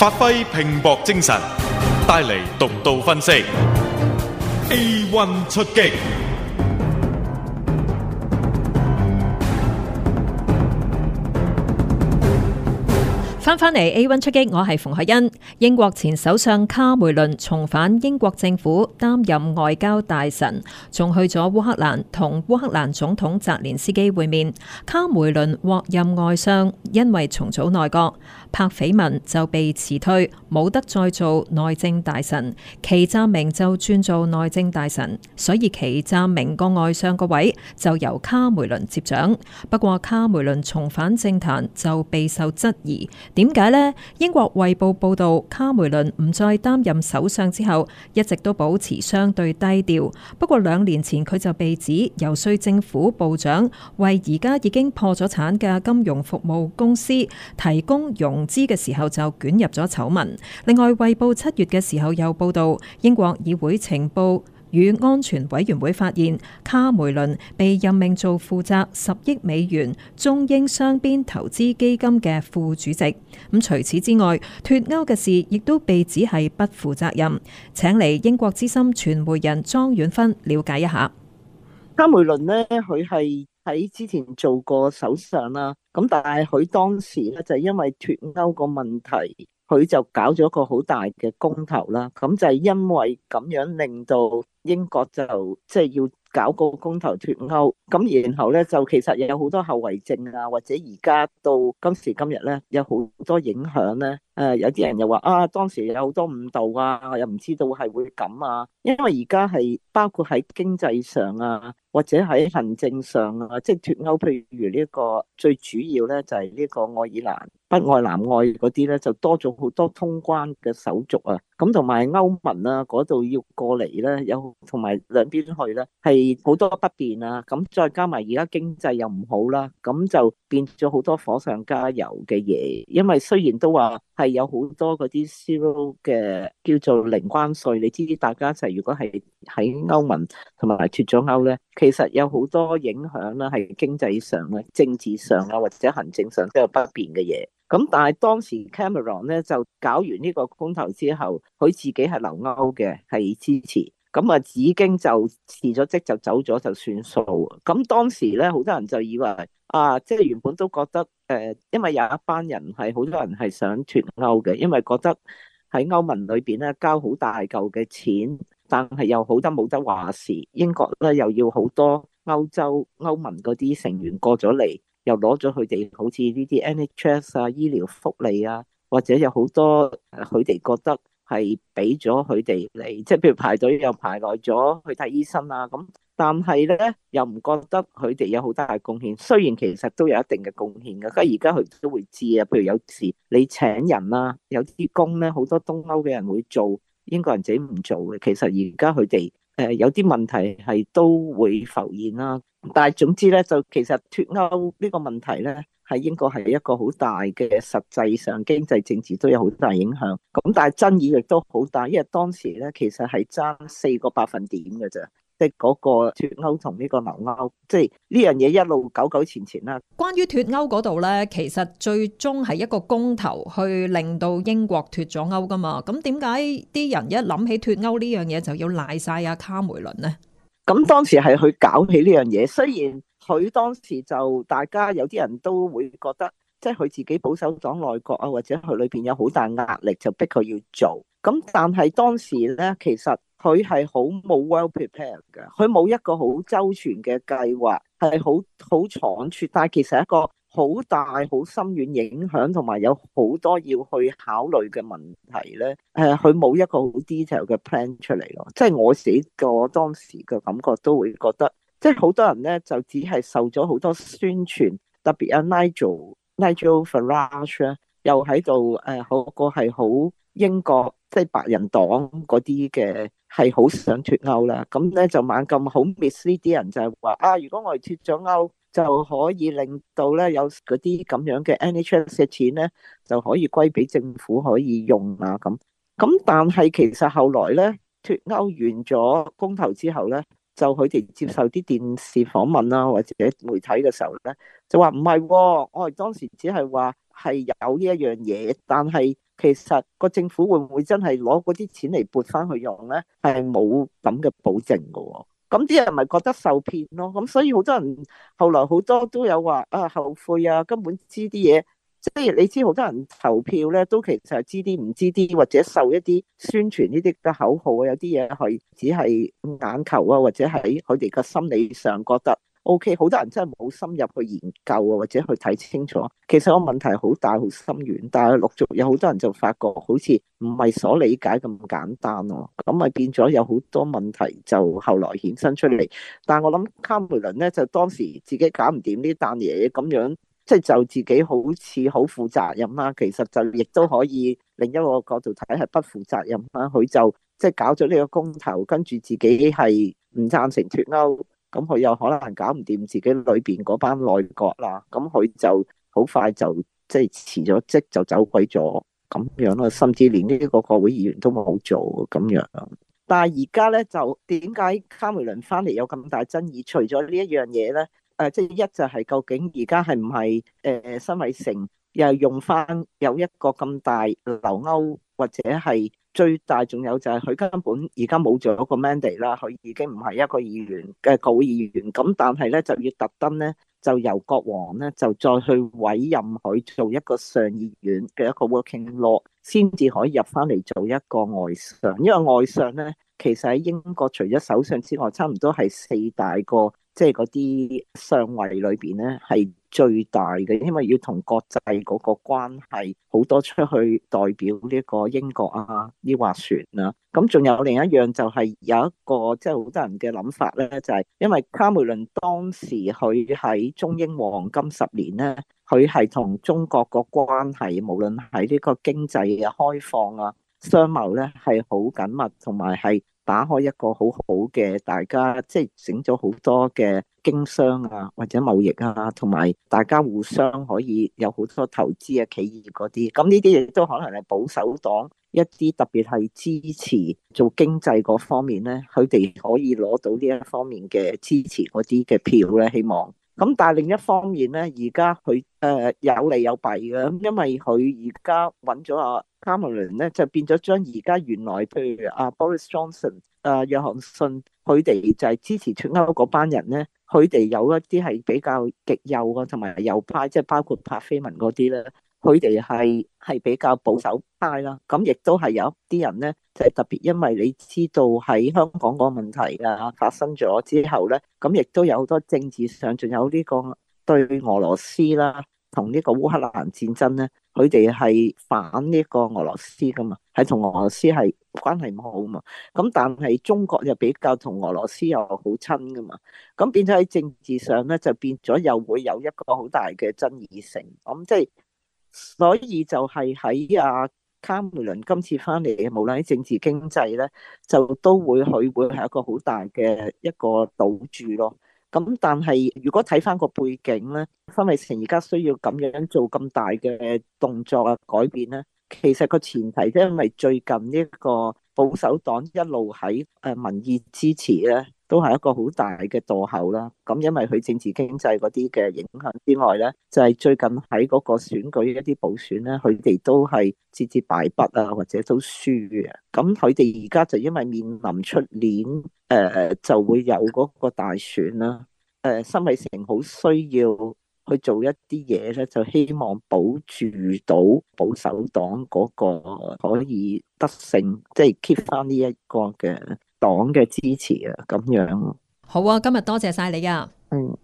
發揮拼搏精神，帶嚟獨到分析。A one 出擊，翻返嚟 A one 出擊，我係馮可欣。英國前首相卡梅倫重返英國政府，擔任外交大臣，仲去咗烏克蘭同烏克蘭總統澤連斯基會面。卡梅倫獲任外相，因為重組內閣。拍緋聞就被辭退，冇得再做內政大臣。祁湛明就轉做內政大臣，所以祁湛明個外相個位就由卡梅倫接掌。不過卡梅倫重返政壇就備受質疑。點解呢？英國《衛報》報道，卡梅倫唔再擔任首相之後，一直都保持相對低調。不過兩年前佢就被指遊說政府部長，為而家已經破咗產嘅金融服務公司提供融。融資嘅時候就捲入咗醜聞。另外，衛報七月嘅時候又報道，英國議會情報與安全委員會發現卡梅倫被任命做負責十億美元中英雙邊投資基金嘅副主席。咁除此之外，脫歐嘅事亦都被指係不負責任。請嚟英國資深傳媒人莊遠芬了解一下。卡梅倫呢，佢係。喺之前做過首相啦，咁但係佢當時咧就係、因為脫歐個問題，佢就搞咗一個好大嘅公投啦。咁就係因為咁樣令到英國就即係、就是、要搞個公投脫歐，咁然後咧就其實有好多後遺症啊，或者而家到今時今日咧有好多影響咧。誒有啲人又話啊，當時有好多誤導啊，又唔知道係會咁啊。因為而家係包括喺經濟上啊，或者喺行政上啊，即係脫歐。譬如呢、呢個最主要咧，就係、係、呢個愛爾蘭北愛南愛嗰啲咧，就多咗好多通關嘅手續啊。咁同埋歐盟啊嗰度要過嚟咧，有同埋兩邊去咧，係好多不便啊。咁再加埋而家經濟又唔好啦、啊，咁就變咗好多火上加油嘅嘢。因為雖然都話，係有好多嗰啲 zero 嘅叫做零關稅，你知唔知？大家一齊如果係喺歐盟同埋脫咗歐咧，其實有好多影響啦，係經濟上啊、政治上啊或者行政上都有不便嘅嘢。咁但係當時 Cameron 咧就搞完呢個公投之後，佢自己係留歐嘅，係支持。咁啊，已經就辭咗職就走咗就算數。咁當時咧，好多人就以為。啊，即係原本都覺得誒、呃，因為有一班人係好多人係想脱歐嘅，因為覺得喺歐盟裏邊咧交好大嚿嘅錢，但係又好得冇得話事。英國咧又要好多歐洲歐盟嗰啲成員過咗嚟，又攞咗佢哋好似呢啲 NHS 啊、醫療福利啊，或者有好多佢哋覺得係俾咗佢哋嚟，即係譬如排隊又排外咗去睇醫生啊咁。嗯。但係咧，又唔覺得佢哋有好大嘅貢獻。雖然其實都有一定嘅貢獻嘅，咁而家佢都會知啊。譬如有時你請人啦，有啲工咧，好多東歐嘅人會做，英國人自己唔做嘅。其實而家佢哋誒有啲問題係都會浮現啦。但係總之咧，就其實脱歐呢個問題咧，喺英國係一個好大嘅實際上經濟政治都有好大影響。咁但係爭議亦都好大，因為當時咧其實係爭四個百分點嘅啫。即嗰個脫歐同呢個留歐，即係呢樣嘢一路糾糾纏纏啦。關於脫歐嗰度呢，其實最終係一個公投去令到英國脫咗歐噶嘛。咁點解啲人一諗起脫歐呢樣嘢就要賴晒阿卡梅倫呢？咁、嗯、當時係去搞起呢樣嘢，雖然佢當時就大家有啲人都會覺得，即係佢自己保守黨內閣啊，或者佢裏邊有好大壓力，就逼佢要做。咁但係當時呢，其實。佢係好冇 well prepared 嘅，佢冇一個好周全嘅計劃，係好好倉促，但係其實係一個好大、好深遠影響同埋有好多要去考慮嘅問題咧。誒、呃，佢冇一個好 detail 嘅 plan 出嚟咯。即係我寫過當時嘅感覺都會覺得，即係好多人咧就只係受咗好多宣傳，特別阿 Nigel Nigel Farage 又喺度誒，好個係好英國。即係白人黨嗰啲嘅係好想脫歐啦，咁咧就猛咁好 miss 呢啲人就係話啊，如果我哋脫咗歐就可以令到咧有嗰啲咁樣嘅 NHS 嘅錢咧就可以歸俾政府可以用啊咁。咁但係其實後來咧脫歐完咗公投之後咧，就佢哋接受啲電視訪問啦或者媒體嘅時候咧，就話唔係喎，我哋當時只係話係有呢一樣嘢，但係。其實個政府會唔會真係攞嗰啲錢嚟撥翻去用咧？係冇咁嘅保證㗎喎。咁啲人咪覺得受騙咯。咁所以好多人後來好多都有話啊後悔啊，根本知啲嘢。即係你知好多人投票咧，都其實係知啲唔知啲，或者受一啲宣傳呢啲嘅口號啊，有啲嘢係只係眼球啊，或者喺佢哋嘅心理上覺得。O.K. 好多人真係冇深入去研究啊，或者去睇清楚。其實個問題好大、好深遠，但係陸續有好多人就發覺好似唔係所理解咁簡單咯、啊。咁咪變咗有好多問題就後來衍生出嚟。但係我諗卡梅倫咧，就當時自己搞唔掂呢單嘢咁樣，即、就、係、是、就自己好似好負責任啦、啊。其實就亦都可以另一個角度睇係不負責任啦、啊。佢就即係搞咗呢個公投，跟住自己係唔贊成脫歐。咁佢又可能搞唔掂自己裏邊嗰班內閣啦，咁佢就好快就即係辭咗職就走鬼咗咁樣咯、啊，甚至連呢個國會議員都冇做咁樣、啊。但係而家咧就點解卡梅倫翻嚟有咁大爭議？除咗呢一樣嘢咧，誒、啊，即係一就係究竟而家係唔係誒辛偉誠又係用翻有一個咁大留歐或者係？最大仲有就係佢根本而家冇做個 mandate 啦，佢已經唔係一個議員嘅國會議員，咁但係咧就要特登咧就由國王咧就再去委任佢做一個上議院嘅一個 working law 先至可以入翻嚟，做一個外相，因為外相咧其實喺英國除咗首相之外，差唔多係四大個即係嗰啲相位裏邊咧係。最大嘅，因為要同國際嗰個關係，好多出去代表呢個英國啊，呢劃船啊，咁仲有另一樣就係有一個即係好多人嘅諗法咧，就係、是、因為卡梅倫當時佢喺中英黃金十年咧，佢係同中國個關係，無論喺呢個經濟嘅開放啊，商貿咧係好緊密，同埋係。打開一個好好嘅，大家即係整咗好多嘅經商啊，或者貿易啊，同埋大家互相可以有好多投資啊、企業嗰啲。咁呢啲亦都可能係保守黨一啲特別係支持做經濟嗰方面咧，佢哋可以攞到呢一方面嘅支持嗰啲嘅票咧。希望。咁但係另一方面咧，而家佢誒有利有弊嘅，因為佢而家揾咗啊。卡梅倫咧就變咗將而家原來譬如阿 Boris Johnson、阿約翰遜佢哋就係支持脫歐嗰班人咧，佢哋有一啲係比較極右啊，同埋右派，即係包括柏菲文嗰啲咧，佢哋係係比較保守派啦。咁亦都係有一啲人咧，就特別因為你知道喺香港個問題啊發生咗之後咧，咁亦都有好多政治上仲有呢個對俄羅斯啦同呢個烏克蘭戰爭咧。佢哋係反呢個俄羅斯噶嘛，係同俄羅斯係關係唔好嘛，咁但係中國又比較同俄羅斯又好親噶嘛，咁變咗喺政治上咧就變咗又會有一個好大嘅爭議性，咁即係所以就係喺阿卡梅倫今次翻嚟嘅，無論係政治經濟咧，就都會佢會係一個好大嘅一個賭注咯。咁但係如果睇返個背景咧，分為成而家需要咁樣做咁大嘅動作啊改變咧，其實個前提即係因為最近呢個保守黨一路喺誒民意支持咧，都係一個好大嘅墮後啦。咁因為佢政治經濟嗰啲嘅影響之外咧，就係、是、最近喺嗰個選舉一啲補選咧，佢哋都係節節敗筆啊，或者都輸嘅。咁佢哋而家就因為面臨出年誒、呃、就會有嗰個大選啦。誒，辛偉誠好需要去做一啲嘢咧，就希望保住到保守黨嗰個可以得勝，即係 keep 翻呢一個嘅黨嘅支持啊，咁樣。好啊，今日多謝晒你啊。嗯